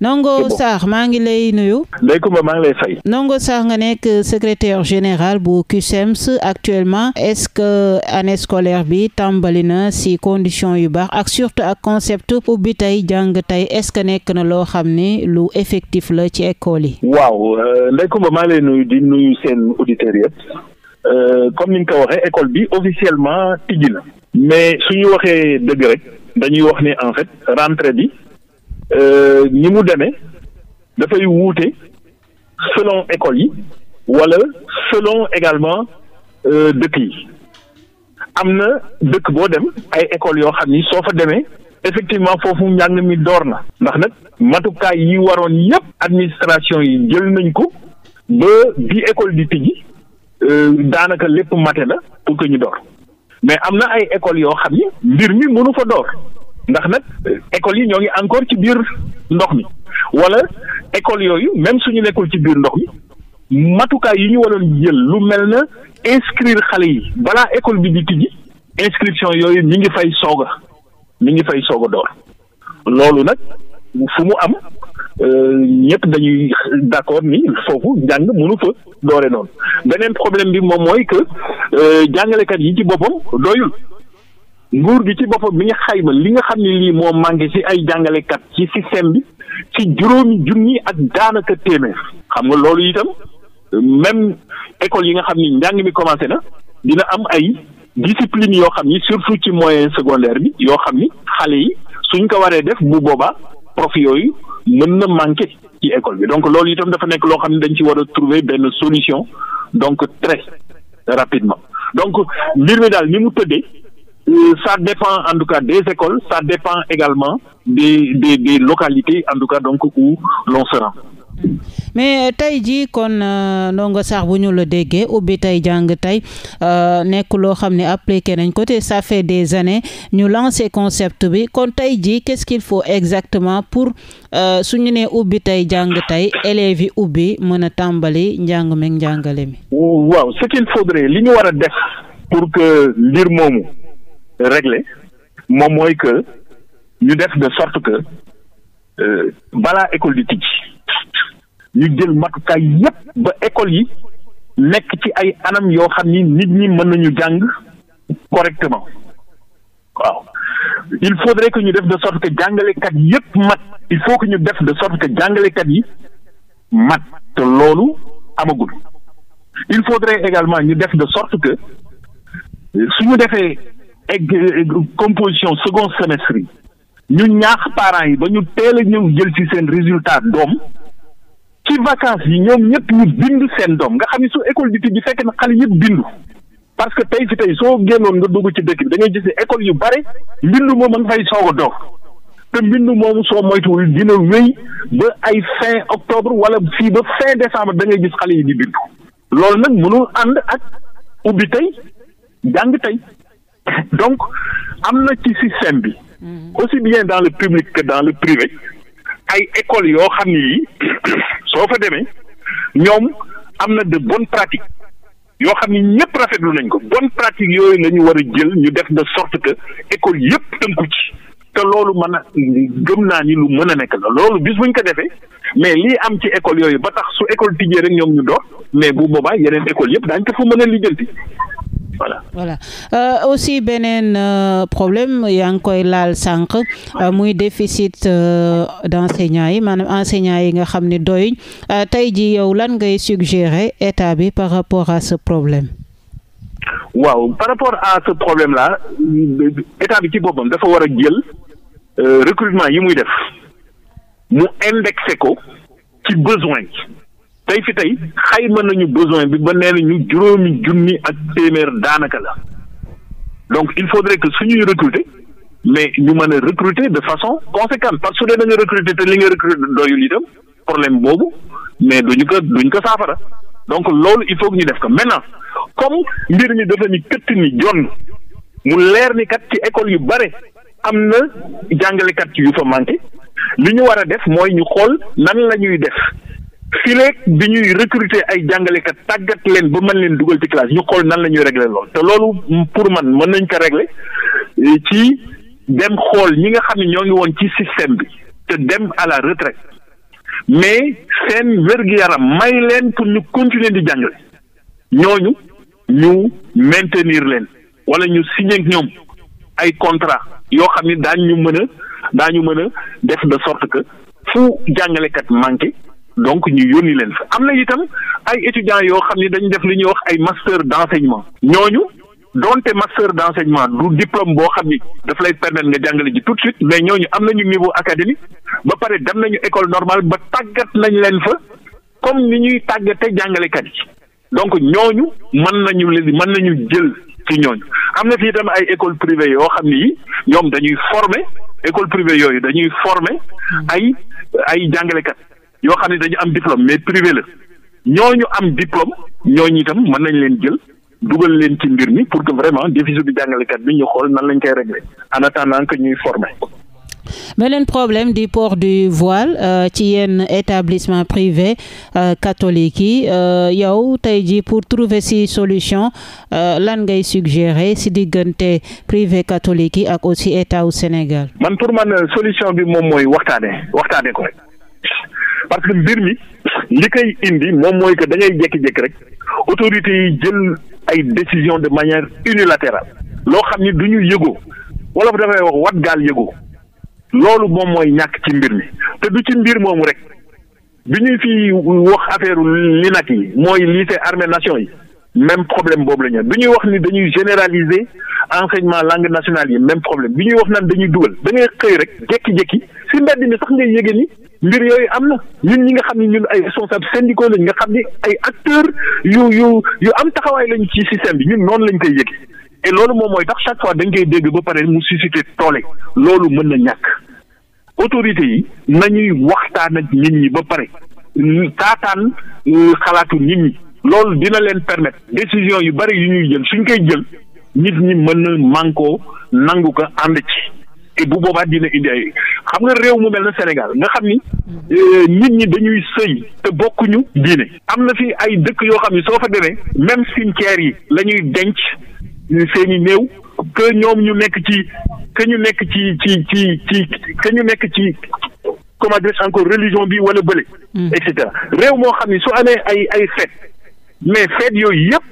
Ndongo Sarr maa ngi lay nuyu. Ndeye Comba maa ngi lay fay. Ndongo Sarr nga nekk secrétaire général bu CUSEMS actuellement est-ce que année scolaire bi tàmbali na si conditions yu baax ak surtout ak concept ubbi tey jàng tey est-ce que nekk na loo xam ne lu effectif la ci école yi. waaw euh, Ndeye Comba maa ngi lay nuyu di nuyu seen auditeurs yëpp euh, comme niñ ko waxee école bi officiellement tijji na. mais suñu waxee dëgg rek dañuy wax ne en fait rentrée bi. ñi euh, mu demee dafay wuute selon école yi wala selon également euh, dëkk yi am na dëkk boo dem ay école yoo xam ni soo fa demee effectivement foofu njàng mi door na ndax nag matukaay yi waroon yépp administration yi jël nañ ko ba bi école di tijji euh, daanaka lépp mate la pour ko ñu door mais am na ay école yoo xam ni mbir mi mënu fa door ndax nag école yi ñoo ngi encore ci biir ndox mi wala école yooyu même suñu nekkul ci biir ndox mi matukaay yu ñu waroon jël lu mel na inscrire xale yi balaa école bi di tijji inscription yooyu mi ngi fay soog a mi ngi fay soog a door loolu nag fu mu am euh, ñëpp dañuy d'accord ni foofu jàng mënu fa doore noonu beneen problème bi moom mooy que euh, jàngalekat yi ci boppam doyul. nguur gi ci boppam bi nga xayma li nga xam ne lii moo manqué ci ay jàngalekat ci système bi ci juróomi jun junni ak daanaka téeméer xam nga loolu itam même école yi nga xam ni njàng mi commencé na dina am ay discipline yoo xam ni surtout ci moyen secondaire bi yoo xam ni xale yi suñ ko waree def bu boobaa prof yooyu mën na manqué ci école bi donc loolu itam dafa nekk loo xam ne dañ ci war a trouver benn solution donc très rapidement donc mbir mi daal mu tëddee Euh, ça dépend en tout cas des écoles, ça dépend également des, des, des localités en tout cas donc où l'on mais euh, tey jii kon euh, Ndongo Sarr bu ñu la déggee ubbi tey jàng tey nekk loo xam ne appliqué nañ ko te fait des années ñu lancé concept bi kon tey jii qu'est-ce qu'il faut exactement pour su ñu nee ubbi tey jàng tey élèves yi ubbi mën a tàmbali njàng meeg njàngale mi. waaw ce qu'il faudrait li ñu war def pour que mbir moomu. régler moom mooy que ñu def de sorte que euh, balaa école di tijj ñu jël matukaay yépp ba école yi nekk ci ay anam yoo xam ni nit ñi mën nañu jàng correctement waaw il faudrait que ñu def de sorte que jàngalekat yépp mat il faut que ñu def de sorte que jàngalekat yi mat te loolu amagul il faudrait également ñu def de sorte que euh, suñu defee composition second semestre yi ñu ñaax parent yi ba ñu teel a ñëw jël ci seen résultat doom ci vacances yi ñoom ñëpp ñu bind seen doom nga xam ne su école d'étude bi fekk na xale yëpp bindu parce que tey fi tey soo génnoon nga dugg ci dëkk bi da ngay gis école yu bare mbindu moom a nga fay soog a doog te mbindu moom soo moytuwul dina wéy ba ay fin octobre wala fii ba fin décembre da ngay gis xale yi di bindu loolu nag mënul ànd ak ubbi tey jàng tey donc am na ci système bi. Mm-hmm. aussi bien dans le public que dans le privé. ay écoles yoo xam ni soo fa demee ñoom am na de bonnes pratique yoo xam ni ñëpp rafetlu nañ ko bonnes pratiques yooyu la ñu war a jël ñu def de sorte que école yëpp tënku ci te loolu mën a gëm naa ni lu mën a nekk la loolu bis buñ ko defee mais lii am ci école yooyu ba tax su école tijjee rek ñoom ñu door mais bu boobaa yeneen école yëpp daañu ko fa mën a lijjanti voilà. voilà euh, aussi beneen euh, problème yaa ngi koy laal sànq euh, muy déficit euh, d' enseignants yi maanaam enseignants yi nga xam ni doy tey ji yow lan ngay suggérer état bi par rapport à ce problème. waaw par rapport à ce problème là état bi ci boppam dafa war a jël recrutement yi muy def mu indexé ko ci besoin tey fi tey xayma nañu besoin bi ba nee nañu juróomi junni ak téeméer daanaka la donc il faudrait que suñuy recruter mais ñu mën a recruter de façon conséquente parce que su dee da nga recruter te li nga recruter doyul itam problème boobu mais du duñu ko duñ ko saafara donc loolu il faut ñu def ko maintenant comme mbir mi dafa ni këtt ni jon mu leer ni kat ci école yu bare am na jàngalekat yu fa manqué li ñu war a def mooy ñu xool nan la ñuy def. fileeg bi ñuy recruter ay jàngalekat tàggat leen ba mën leen dugal ci classe ñu xool nan lañuy ñuy régler te loolu pour man mën nañ ko régler ci dem xool ñi nga xam ne ñoo ngi woon ci système bi te dem à la retraite mais seen wér-gu-yaram may leen pour ñu continuer di jàngale ñooñu ñu maintenir leen wala ñu signer ak ñoom ay contrat yoo xam ni daañu mën a daañu mën a def de sorte que fu jàngalekat manqué donc ñu yónni leen fa am na itam ay étudiants yoo xam ne dañu def li ñuy wax ay master d' ñooñu donte master d' enseignement du diplôme boo xam ni daf lay permettre nga jàngale ji tout de suite mais ñooñu am nañu niveau académique ba pare dem nañu école normal ba tàggat nañ leen fa comme ni ñuy tàggate jàngalekat yi donc ñooñu mën nañu leen mën nañu jël ci ñooñu am na fi itam ay école privée yoo xam ni ñoom dañuy former école privée yooyu dañuy former ay ay jàngalekat. yoo xam ne dañu am diplôme mais privé la ñu am diplôme ñooñu itam mën nañ leen jël dugal leen ci mbir mi pour que vraiment déficit bi jàngalekat bi ñu xool nan lañ koy régler en attendant que ñuy former. beneen problème di port du voile euh, ci yenn établissement privé euh, catholique yi euh, yow tey jii pour trouver si solution lan ngay suggérer si diggante privé catholique yi ak aussi état wu Sénégal. man pour man solution bi moom mooy waxtaane waxtaane ko rek parce que mbir mi li koy indi moom mooy que da ngay jékki-jékki rek autorités yi jël ay décision de manière unilatérale loo xam ni du ñu yëgoo wala bu dafay wax wat gaal yëgoo loolu moom mooy ñàkk ci mbir mi te du ci mbir moomu rek bi ñuy fi wax affaire li nag yi mooy lycée armée nation yi même problème boobu la ñu bi ñuy wax ni dañuy généraliser enseignement langue nationale yi même problème bi ñuy wax naan dañuy dugal da ngay xëy rek jékki-jékki si mbedd mi sax ngay yëgee ni mbir yooyu am na ñun ñi nga xam ne ñun ay responsable syndicaux lañ nga xam ni ay acteurs yu yu yu am taxawaay lañ ci système bi ñun noonu lañ koy yëgee te loolu moom mooy tax chaque fois dañ koy dégg ba pare mu suscité toole loolu mën na ñàkk autorités yi nañuy waxtaan ak nit ñi ba pare taataan euh, xalaatu nit ñi loolu dina leen permettre décision yu bari yu ñuy jël suñ koy jël. nit ñi mën na mankoo nangu ko ànd ci te bu boobaa dina indi ay xam nga réew mu mel na Sénégal nga xam ni euh, nit ñi dañuy sëy te bokkuñu diine am na fi ay dëkk yoo xam ni soo fa demee même cimetière yi lañuy denc seeni néew que ñoom ñu nekk ci que ñu nekk ci ci ci ci que ñu nekk ci comment dire encore religion bi wala bële. Hmm. et réew moo xam ni soo amee ay ay fête mais fête yooyu yëpp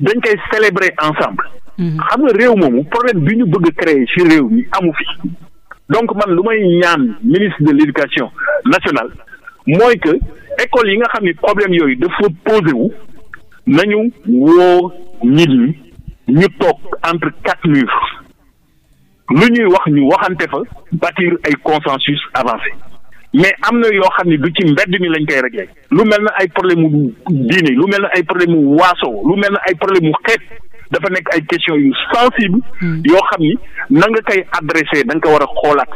dañ koy célébrer ensemble. Mm-hmm. xam nga réew moomu problème bi ñu bëgg a créer ci réew mi amu fi donc man lu may ñaan ministre de l'éducation nationale mooy que école yi nga xam ni problème yooyu dafa posé wu nañu woo nit ñi ñu toog entre quatre murs lu ñuy wax ñu waxante fa bâtir ay consensus avancé mais am na yoo xam ni du ci mbedd mi lañ koy rek réglé lu mel na ay problème mu diine lu mel na ay problème mu waaso lu mel na ay problème mu xeet dafa nekk ay question yu sensible hmm. yoo xam ni na nga koy adressé da nga ko war a xoolaat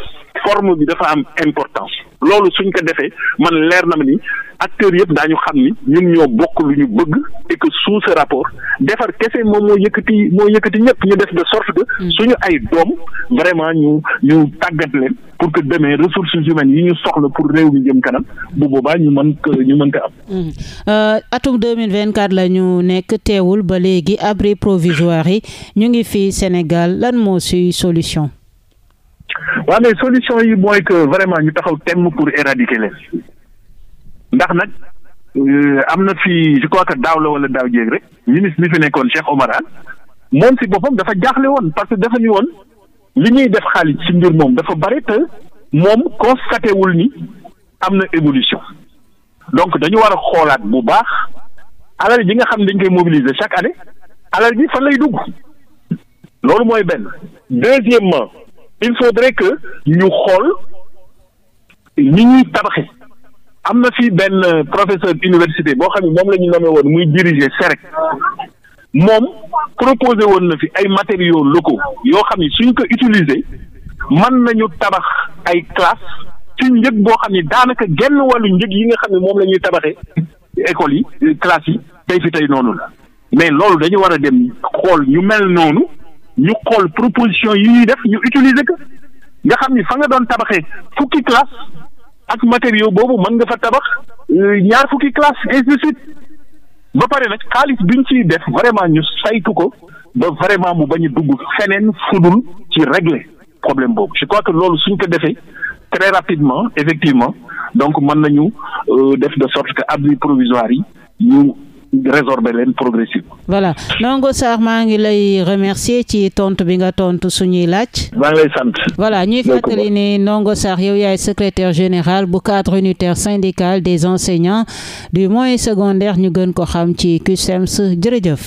forme bi dafa am importance loolu suñ ko defee man leer na ma ni acteurs yëpp daañu xam ni ñun ñoo bokk lu ñu bëgg et que rapport defar kese moom moo yëkkati moo yëkkati ñëpp ñu def de sorte que mm. suñu ay doom vraiment ñu ñu tàggat leen pour que demee ressources humaines yi ñu soxla pour réew mi jëm kanam bu boobaa ñu mën ko ñu mën ko am. Mm. Euh, atum deux mille vingt quatre la ñu nekk teewul ba léegi abri provisoire yi ñu ngi fii Sénégal lan moo suy solution. waaw mais solution yi mooy que vraiment ñu taxaw temm pour éradiquer leen ndax nag euh, am na fi je crois que daaw la wala daaw jéeg rek ministre bi fi nekkoon Cheikh Omar Anne moom si boppam dafa jaaxle woon parce que dafa ni woon li ñuy def xaalis ci mbir moom dafa bari te moom constaté ni am na ébolution donc dañu war a xoolaat bu baax alal ji nga xam ne dañ koy mobiliser chaque année alal ji fan lay dugg loolu mooy benn deuxièmement il faudrait que ñu xool ñi ñuy tabaxi am na fi benn professeur d'université boo xam ne moom la ñu nommé woon muy diriger CEREC moom proposé woon na fi ay matériaux locaux yoo xam ne suñ ko utiliser mën nañu tabax ay classe ci njëg boo xam ne daanaka genn wàllu njëg yi nga xam ne moom la ñuy tabaxee écoles yi classe yi tey fi tey noonu la mais loolu dañu war a dem xool ñu mel noonu ñu xool proposition yi ñuy def ñu utiliser ko nga xam ni fa nga doon tabaxee fukki classe ak matériaux boobu mën nga fa tabax euh, ñaar fukki classe ainsi ba pare nag xaalis biñ ciy def vraiment ñu saytu ko ba vraiment mu bañ a dugg feneen fudul ci régler problème boobu je crois loolu suñ ko defee très rapidement effectivement donc mën nañu euh, def de sorte que abri provisoire yi voilà Ndongo Sarr maa ngi lay remercier ci tontu bi nga tontu suñuy laaj. maa voilà ñuy fàttali ni Ndongo Sarr yow yaay secretaire général bu cadre unitaire syndical des enseignants du moyen secondaire ñu gën ko xam ci CUSEMS jërëjëf.